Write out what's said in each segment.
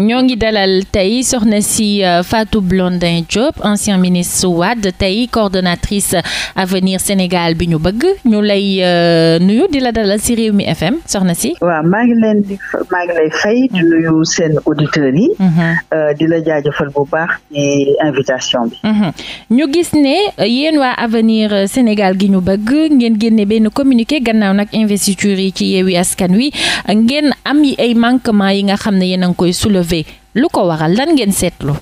ñoo ngi dalal tey soxna si euh, Fatou Blondin Diop ancien ministre Wade tey coordonnatrice avenir Sénégal bi ñu bëgg ñu lay euh, nuyu di la dalal si réew mi FM soxna si. waaw maa ngi leen di maa ngi lay fay di nuyu seen auditeurs yi. Mhm. Euh, di la jaajëfal bu baax ci invitation bi. Mhm. ñu gis ne yéen waa avenir Sénégal gi ñu bëgg ngeen génne benn communiqué gannaaw nag investiture yi ci Yewwi Askan Wi ngeen am yi ay manquement yi nga xam ne yéen a ngi koy soulever soulever lu ko waral lan ngeen seetlu.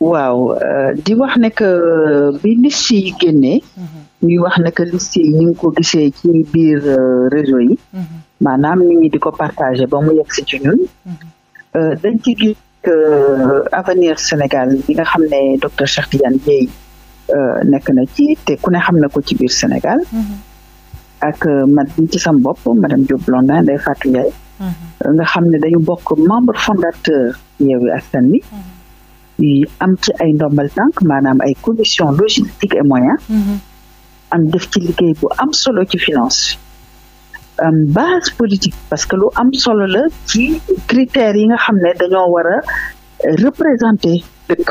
waaw euh, di wax ne que euh, bi liste yi génnee. Mhm. ñuy wax ne que liste ko gisee ci biir euh, réseau yi. Mhm. maanaam nit ñi di ko partagé ba mu yegg si ci ñun. Mhm. dañ ci gis que avenir Sénégal bi nga xam ne docteur Cheikh Tidiane nekk na ci te ku ne xam na ko Sénégal. ak man ci sam bopp madame Diop Blondin Ndeye Fatou Ndiaye. Mm-hmm. nga xam ne dañu bokk membre fondateur Yewwi Askan Wi mm-hmm. am ci ay ndombal tànk maanaam ay commission logistique et moyens mm-hmm. am def ci liggéey bu am solo ci finance Um, base politique parce que lu am solo la ci critères yi nga xam ne dañoo war a représenter dëkk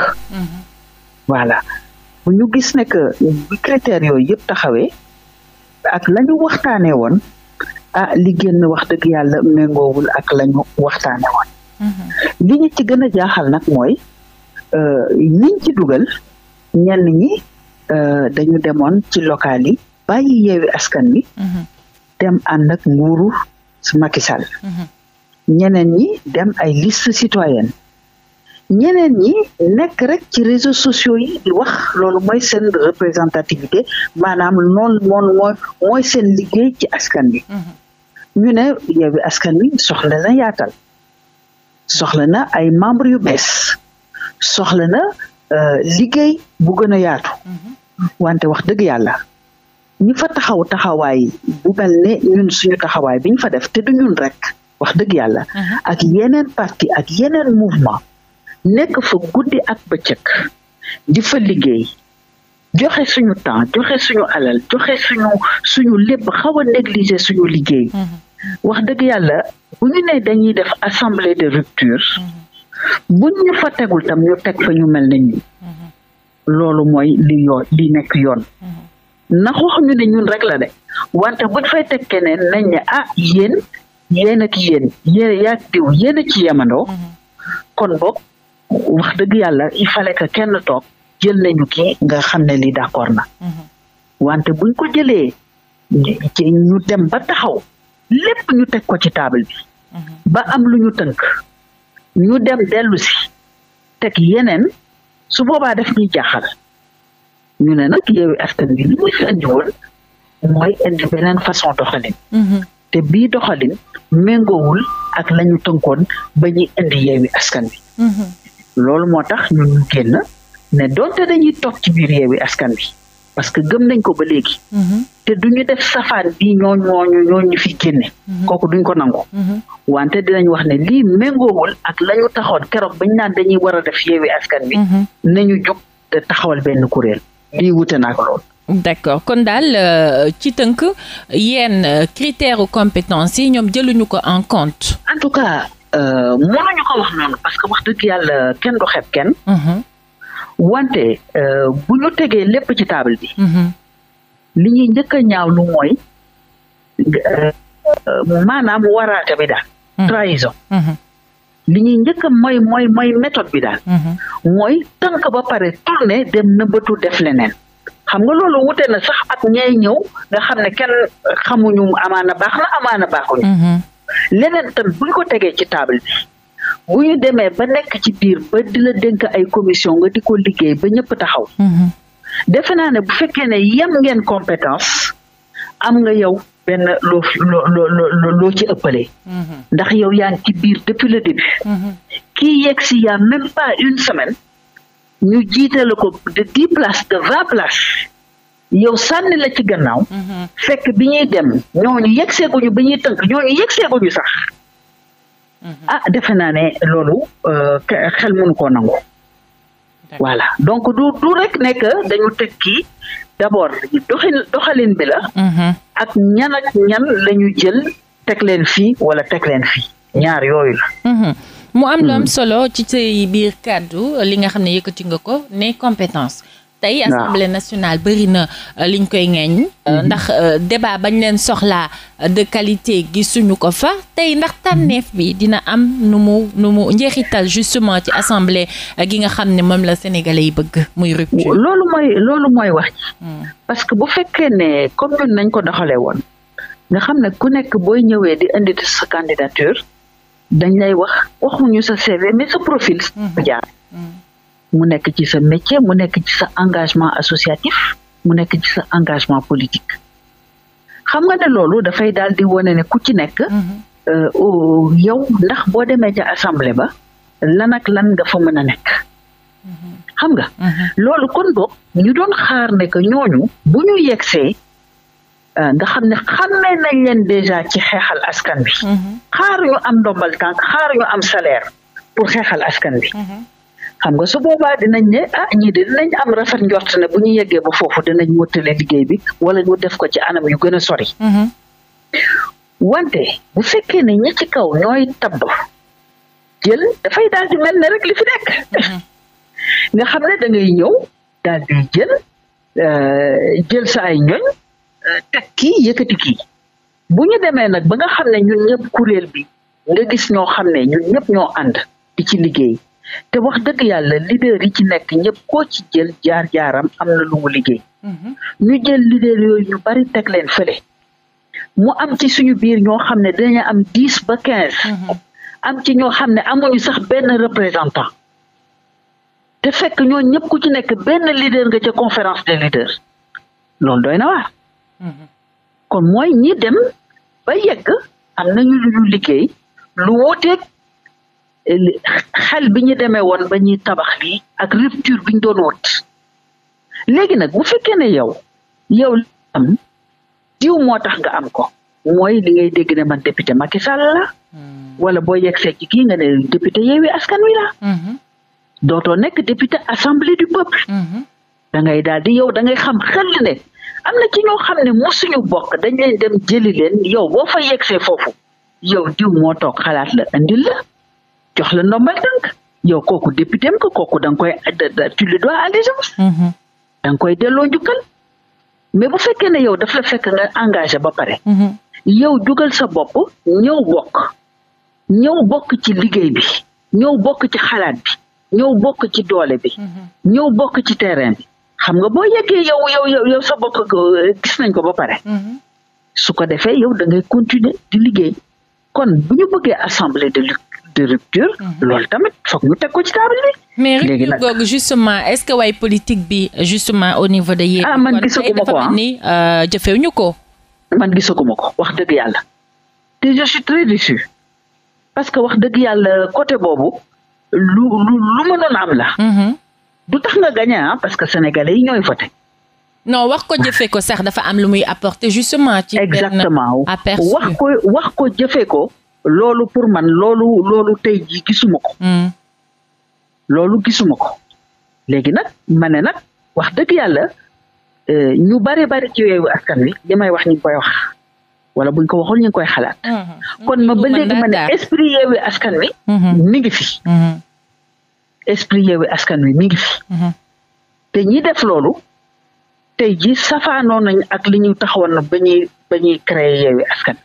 voilà bu ñu gis ne que critères yooyu yëpp taxawee ak la waxtaanee woon ah li génn wax dëgg yàlla méngoowul ak lañu waxtaane woon mhm. li ñu ci gën a jaaxal nag mooy ñiñ euh, ci dugal ñenn ñi euh, dañu demoon ci lokali yi bàyyi yeewi askan wi mhm. dem ànd ak nguuru Macky mhm. ñeneen ñi dem ay liste citoyenne ñeneen ñi nekk rek ci réseaux sociaux yi di wax loolu mooy seen représentativité maanaam noonu moon mooy seen liggéey ci askan wi ñu ne Yewwi Askan Wi soxla na yaatal soxla na ay membres yu bees soxla na euh, liggéey bu gën a yaatu mm-hmm. wante wax dëgg yàlla ñi fa taxaw taxawaay bu mel ne ñun suñu taxawaay biñ fa def te du ñun rek wax dëgg yàlla mm-hmm. ak yeneen parti ak yeneen mouvement nekk fa guddi ak bëccëg di fa liggéey joxe suñu temps joxe suñu alal joxe suñu suñu lépp xaw a négliger suñu liggéey mm-hmm. wax dëgg yàlla bu ñu ne dañuy def assemblée de rupture mhm. buñ ñu fa tegul tam ñu teg fa ñu mel ne mhm. loolu mooy li yoon li nekk yoon mhm. ndax wax ñu ne ñun rek la de wante buñ fay teg keneen nañ ne a ah, yéen yéen ak yéen yéen yaag diw yéen ci yemandoo kon boog wax dëgg yàlla il fallait que kenn toog jël nañu kii nga xam ne li d'accord na wante buñ ko jëlee ñu dem ba taxaw lépp ñu teg ko ci taabal bi mhm. ba am lu ñu tënk ñu dem dellusi tek yeneen su boobaa def ñuy jaaxal ñu ne nag Yewwi Askan Wi li muy fi woon mooy indi beneen façon doxalin mhm. te bii doxalin méngoowul ak lañu tënkoon ba ñuy indi Yewwi Askan Wi mhm. loolu moo tax ñun ñu génn ne doonte dañuy toog ci biir Yewwi Askan Wi parce que gëm nañ ko ba léegi. Mm-hmm. te du ñu def safaan bi ñooñ ñooñu ñooñu ñu fi génne. Mm-hmm. kooku duñ ko nangu. Mm-hmm. wante dinañ wax ne lii méngoowul ak la ñu taxoon keroog bañ naan dañuy war a def yeewi askan wi. nañu jóg te taxawal benn kuréel lii wute na ak lool. d'accord kon daal euh, ci tënk yenn euh, critères ou compétences yi ñoom jëluñu ko en compte. en tout cas euh, mënuñu ko wax noonu parce que wax dëgg yàlla kenn du xeeb kenn. wante euh, bu ñu tegee lépp ci table bi. Mm-hmm. li ñuy njëkk a ñaaw lu mooy euh, maanaam waraate bi daal. Mm-hmm. trahison. Mm-hmm. li ñuy njëkk a mooy mooy mooy méthode bi daal. mooy tànk ba pare tourné dem nëbbatu def leneen. xam nga loolu wute na sax ak ñay ñëw nga xam ne kenn xamuñu amaana baax na amaana baaxuñu. leneen tam buñ ko tegee ci table bi bu ñu demee ba nekk ci biir ba di la dénk ay commission nga di ko liggéey ba ñëpp taxaw. Mhm. defe naa ne bu fekkee ne yem ngeen compétence am nga yow benn loo loo loo ci ëppale. Mhm. ndax yow yaa ci biir depuis le début. Mhm. kii yegg si y a même une semaine ñu jiitale ko de dix places de vingt places. yow sànni la ci gannaaw. fekk bi ñuy dem ñooñu yegg seeguñu ba ñuy tënk ñooñu yegg seeguñu sax. Mhm. a ah, defe naa ne loolu euh, xel mënu koo nangu voilà donc du du rek nekk dañu teg kii d'abord doxin doxalin bi la mhm. ak ñan ak ñan la jël teg leen fii wala teg leen fi ñaar yooyu la mhm. mu am lu am hmm. solo ci say biir kàddu li nga xam ne yëkkati nga ko ne compétence tey assemblée nationale bëri na euh, liñ koy ŋeeñ euh, mhm. ndax euh, débat bañ leen soxlaa de qualité gisuñu ko fa tey ndax neef bi dina am nu mu nu mu njeexital justement ci assemblée gi nga xam ne moom la sénégalais yi bëgg muy rupture loolu mooy loolu mooy wax mm. parce que bu fekkee ne comme nañ ko doxalee woon nga xam ne ku nekk booy ñëwee di indi sa candidature dañ lay wax waxuñu sa CV mais sa profil mm-hmm. jaar mm. mu nekk ci sa métier mu nekk ci sa engagement associatif mu nekk ci sa engagement politique xam nga ne loolu dafay daal di wane ne ku ci nekk mhm. euh, oh, yow ndax boo demee ca assemblée ba lan ak lan nga fa mën a nekk mhm. xam nga mhm. loolu kon boog ñu doon xaar ne que ñooñu bu ñu yegsee euh, nga xam ne xammee nañ leen déjà ci xeexal askan bi xaar yu am ndombal tànk xaar yu am salaire pour xeexal askan bi xam nga su boobaa dinañ ne ah ñii de dinañ am rafet njort ne bu ñu yeggee ba foofu dinañ mottale liggéey bi wala ñu def ko ci anam yu gën a sori. Mm-hmm. wante bu fekkee ne ñi ci kaw ñooy tabb jël dafay daal di mel ne rek li fi nekk. Mm-hmm. nga xam ne da ñëw daal di jël euh, jël sa ay ñoñ euh, teg yëkkati kii bu ñu demee nag ba nga xam ne ñun ñëpp kuréel bi nga gis ñoo xam ne ñun ñëpp ñoo ànd di ci liggéey te wax dëgg yàlla leader yi ci nekk ñëpp koo ci jël jaar jaaram am na lu liggéey. Mhm. ñu jël leader yooyu ñu bari teg leen fële. mu am ci suñu biir ñoo xam ne dañu am diis ba quinze. Mhm. am ci ñoo xam ne amuñu sax benn représentant. te fekk ñoo ñëpp ku ci nekk benn leader nga ca conférence des leaders loolu doy na waar. Mhm. kon mooy ñi dem ba yegg am nañu lu ñu liggéey lu wóoteeg xel bi ñu demee woon ba ñuy tabax lii ak rupture bi ñu doon wut léegi nag bu fekkee ne yow yow am diw moo tax nga am ko mooy li ngay dégg ne man député Macky Sall la hmm. wala boo yegsee ci kii nga ne député Yewwi Askan Wi hmm. dootoo nekk député assemblée du peuple hmm. da daal di yow da ngay xam xel ne am na ci xam ne mosuñu bokk dañ leen dem jëli leen fa yegsee foofu yow diw moo toog xalaat la indil la jox la ndombal tànk yow kooku député am ko kooku da nga koy tu le dois allégeance. Mm-hmm. da nga koy delloo njukkal. mais bu fekkee na yow daf la fekk nga engagé ba pare. Mm-hmm. yow jugal sa bopp ñëw bokk. ñëw bokk ci liggéey bi. ñëw bokk ci xalaat bi. ñëw bokk ci doole bi. Mm-hmm. ñëw bokk ci terrain bi. xam nga boo yeggee yow yow yow sa bokk gis nañ ko ba pare. su ko defee yow da ngay continuer di liggéey. kon bu ñu bëggee assemblée de lutte de rupture. Mhm. loolu tamit foog ñu teg ko ci table bi. mais rupture googu justement est-ce que waaye politique bi justement au niveau de. yéen ah man gisaguma ko ah ni euh, jëfewuñu ko. man gisaguma ko wax dëgg yàlla. parce que wax dëgg yàlla côté boobu lu lu lu mënoon am la. Mhm. du tax nga gagné ah parce que sénégalais yi ñooy voté. non wax ko jëfee sax dafa am lu muy apporter justement. ci benn aperçu wax ko wax loolu pour man loolu loolu tey jii gisuma ko. Mm. loolu gisuma ko léegi nag ma ne nag wax dëgg yàlla euh, ñu bare bari ci weewu askan wi li may wax ñu koy wax wala buñ ko waxul ñu koy xalaat. Mm-hmm. kon ma mm-hmm. ba léegi ma esprit yeewu mm-hmm. askan wi. mi ngi fi. esprit askan wi mi ngi fi. te ñi def loolu tey jii safaanoo nañ ak li ñu taxawoon na ba créer yeewu askan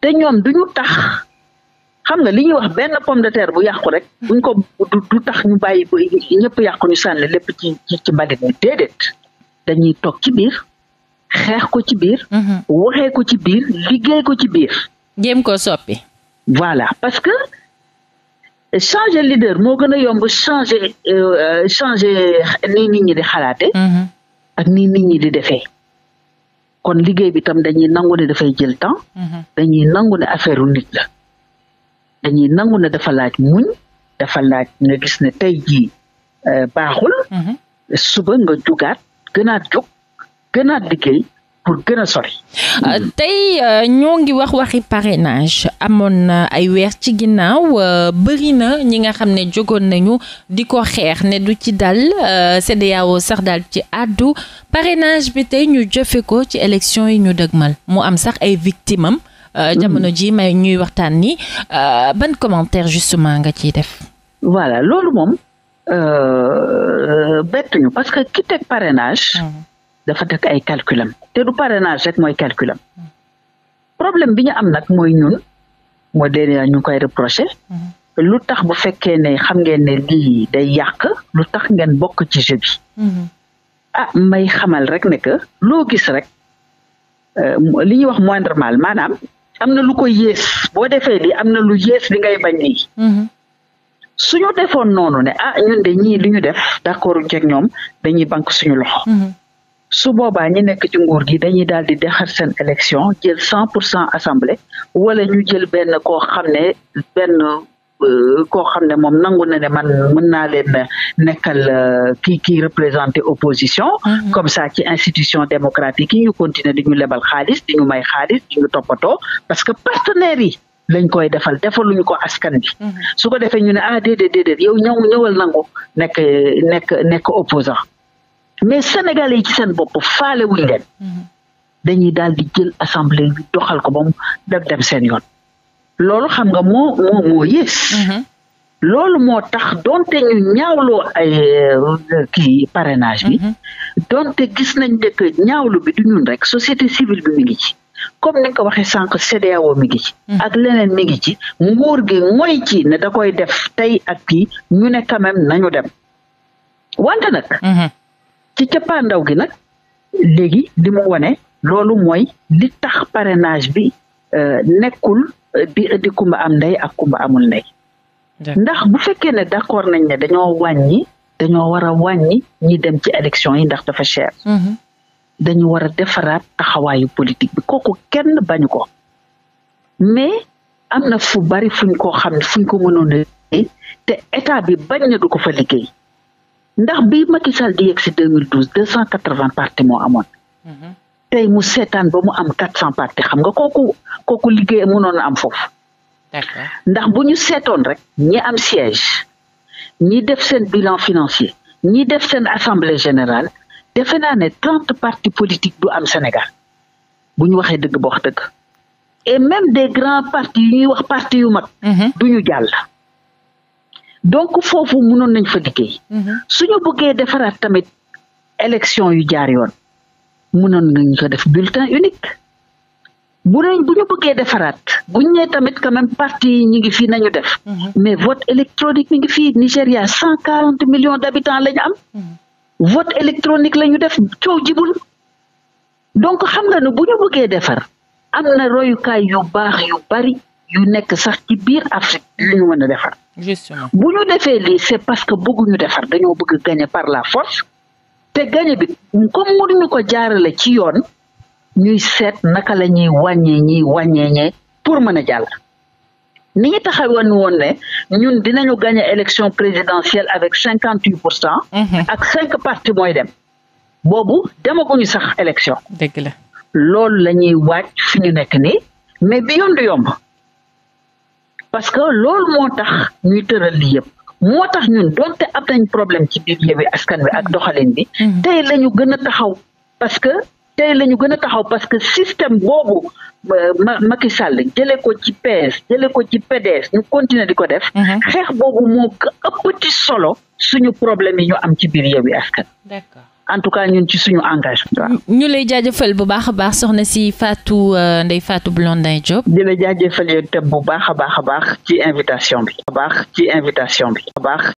te ñoom duñu tax xam nga li ñuy wax benn pomme de terre bu yàqu rek buñ ko du tax ñu bàyyi ko ñëpp yàqu ñu sànni lépp ci ci mbalit mi déedéet dañuy toog ci biir xeex ko ci biir mhm. waxee ko ci biir liggéey ko ci biir jéem ko soppi voilà parce que changé leader moo gën a yomb changer euh, euh, changer ni nit ñi di xalaate mhm. ak ni nit ñi di defee kon liggéey bi tam dañuy nangu ne dafay jël temps mhm. dañuy nangu ne affaire u nit la dañuy nangu dafa laaj muñ dafa laaj nga gis ne tey jii euh, baaxul mhm. suba nga jugaat gënaat jug gënaat liggéey pour gën a sori. Euh, mm-hmm. tey euh, ñoo ngi wax waxi parenage amoon na ay weer ci ginnaaw euh, bëri na ñi nga xam ne jógoon nañu di ko xeex ne du ci dal CEDEAO sax dal ci àddu parrainage bi tey ñu jëfe ko ci élection yi ñu dëgmal mu am sax ay victime am. Mm-hmm. jamono ji may ñuy waxtaan ni ban commentaire justement nga ciy def. voilà loolu moom bettuñu parce que ki teg parrainage. Mm-hmm. dafa teg ay calculam te du parrainage rek mooy calculam problème bi ñu am nag mooy ñun moo dee ñu koy reproché mm-hmm. lu tax bu fekkee ne xam ngeen ne lii day yàq lu tax ngeen bokk ci jeu bi mm-hmm. ah may xamal rek ne que loo gis rek euh, li ñuy wax moindre mal maanaam am na lu ko yées boo defee li am na lu yées li ngay bañ nii mm-hmm. suñu defoon noonu ne a ah, ñun de ñii li def d'accord uñ ceeg ñoom dañuy banque suñu loxo su baa ñi nekk ci nguur gi dañuy daal di dexar seen élection jël cent pour cent assemblée wala ñu jël benn koo xam ne benn euh, koo xam ne moom nangu na ne man mën naa leen nekkal euh, kii kii représenté opposition mm-hmm. comme ça ci institution démocratique yi ñu continuer di ñu lebal xaalis di may xaalis di ñu toppatoo parce que partenaires yi lañ koy defal defaluñu ko askan bi mm-hmm. su ko defee ñu ne a ah, déedéet déedéet yow nangu nekk nekk nekk opposant mais sénégalais yi ci seen bopp faale wuñ leen mhm. dañuy daal di jël assemblée bi doxal ko ba mu dem dem seen yoon loolu xam nga moo moo moo yées mhm. loolu moo tax donte ñu ñaawloo ay euh, kii parrainage bi mhm. donte gis nañ ne que ñaawlu bi du ñun rek société civile bi mi ngi ci comme ni nga ko waxee sànq CEDEAO mi ngi ci ak leneen mi ngi ci nguur gi mooy ci ne dakoy def tey ak kii ñu ne quand même nañu dem wante nag ci cappaandaw gi nag léegi li mu wane loolu mooy li tax parenage bi euh, nekkul bi euh, indi kumba am ndey ak kumba amul ndey ndax bu fekkee ne d'accord nañ ne dañoo wàññi dañoo war a wàññi ñi dem ci élection yi ndax dafa cher mm-hmm. dañu war a defaraat taxawaayu politique bi kooku kenn bañu ko mais am na fu bari fuñ koo xam fuñ ko mënoon a te état bi bañ na du ko fa liggéey ndax bi Macky Sall di yegg si 2012 280 parti moo amoon. Mhm. tey mu seetaan ba mu am 400 parti xam nga kooku kooku liggéey mënoon a am foofu. ndax bu ñu seetoon rek ñi am siège ñi def seen bilan financier ñi def seen assemblée générale defe naa ne trente partis politiques du am Sénégal bu ñu waxee dëgg bo dëgg et même des grands partis yu wax parti yu mag. Mhm. du ñu jàll. donc foofu mënoon nañ fa liggéey. Mhm. suñu buggee defaraat tamit élection yu jaar yoon noon nañ ko def bulletin unique bu ne bu ñu bëggee defaraat bu ñu tamit quand même parti yi ñu ngi fii nañu def. Mhm. mais vote électronique mi ngi fii Nigéria cent quarante millions d' habitants la ñu am. Mhm. vote électronique la ñu def coow jibul donc xam nga ne bu ñu bëggee defar am na royukaay yu baax yu bari yu nekk sax ci biir Afrique yu ñu mën a defar. justement bu ñu defee li c'est parce que bëgguñu defar dañoo bëgg gagner par la force te gagner bi comme mënuñu ko jaarale ci yoon ñuy seet naka la ñuy wàññee ñiy wàññeeñee pour mën a jàll ni ñu taxawoon woon ne ñun dinañu gagner élection présidentielle avec cinquante huit pour cent mhm. ak cinq partie mooy dem boobu demaguñu sax élection dëgg la loolu la ñuy waaj fi ñu nekk nii mais bi yoon du yomb parce que loolu moo tax ñuy tëral li yëpp moo tax ñun donte am nañ problème ci biir Yewwi Askan Wi ak mhm. doxalin bi mhm. tey la ñu gën a taxaw parce que tey la ñu gën a taxaw parce que système boobu euh, Macky Sall jële ko ci PS jële ko ci PDS ñu continuer di ko def mhm. xeex boobu moo ëpp ci solo suñu problème yi ñu am ci biir Yewwi Askan d'accord en tout cas ñun ci suñu engagement. ñu lay jaajëfal bu baax a baax soxna si Fatou euh, Ndeye Fatou Blondin Diop. di lay jaajëfal yow bu baax a baax a baax ci invitation bi. baax ci invitation bi. baax.